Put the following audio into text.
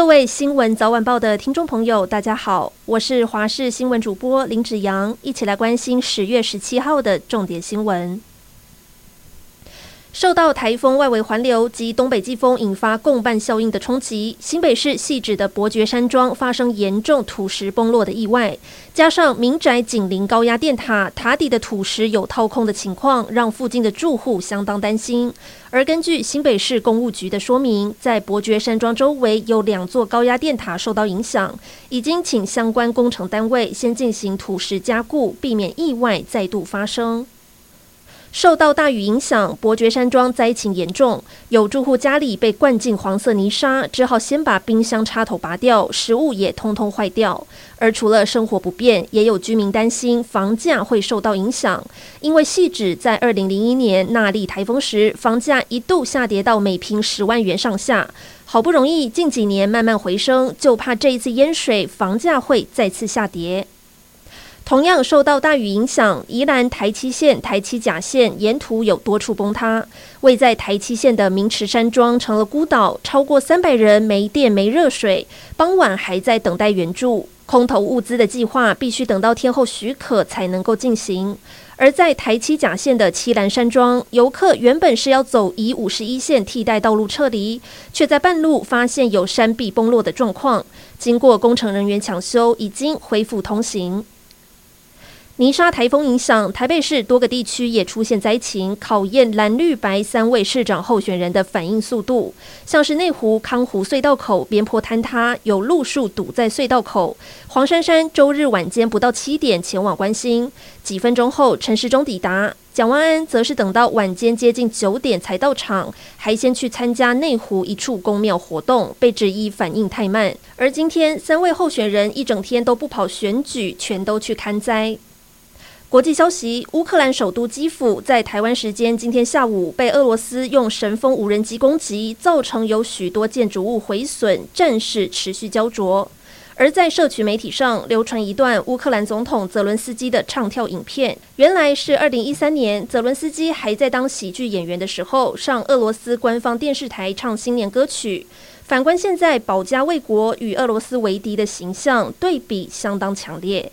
各位新聞早晚報的聽眾朋友，大家好，我是華視新聞主播林子陽，一起來關心十月十七號的重點新聞。受到台風外圍環流及東北季風引發共伴效應的衝擊，新北市汐止的伯爵山莊發生嚴重土石崩落的意外，加上民宅緊鄰高壓電塔，塔底的土石有掏空的情況，讓附近的住戶相當擔心。而根據新北市公務局的說明，在伯爵山莊周圍有兩座高壓電塔受到影響，已經請相關工程單位先進行土石加固，避免意外再度發生。受到大雨影響，伯爵山莊災情嚴重，有住戶家裡被灌進黃色泥沙，只好先把冰箱插頭拔掉，食物也通通壞掉。而除了生活不便，也有居民擔心房價會受到影響，因為汐止，在二零零一年納莉台風時，房價一度下跌到每坪十萬元上下，好不容易近幾年慢慢回升，就怕這一次淹水，房價會再次下跌。同樣受到大雨影響，宜蘭台七線、台七甲線沿途有多處崩塌。位在台七線的明池山莊成了孤島，超過三百人沒電、沒熱水，傍晚還在等待援助。空投物資的計劃必須等到天候許可才能夠進行。而在台七甲線的棲蘭山莊，遊客原本是要走宜五十一線替代道路撤離，卻在半路發現有山壁崩落的狀況，經過工程人員搶修，已經恢復通行。泥沙颱風影響，台北市多個地區也出現災情，考驗藍綠白三位市長候選人的反應速度。像是內湖、康湖隧道口邊坡坍塌，有路樹堵在隧道口。黃珊珊周日晚間不到七點前往關心，幾分鐘後陳時中抵達；蔣萬安則是等到晚間接近九點才到場，還先去參加內湖一處宮廟活動，被質疑反應太慢。而今天三位候選人一整天都不跑選舉，全都去勘災。國際消息：烏克蘭首都基輔在台灣時間今天下午被俄羅斯用神風無人機攻擊，造成有許多建築物毀損，戰事持續膠著。而在社群媒體上流傳一段烏克蘭總統澤倫斯基的唱跳影片，原來是二零一三年澤倫斯基還在當喜劇演員的時候，上俄羅斯官方電視台唱新年歌曲。反觀現在保家衛國與俄羅斯為敵的形象對比相當強烈。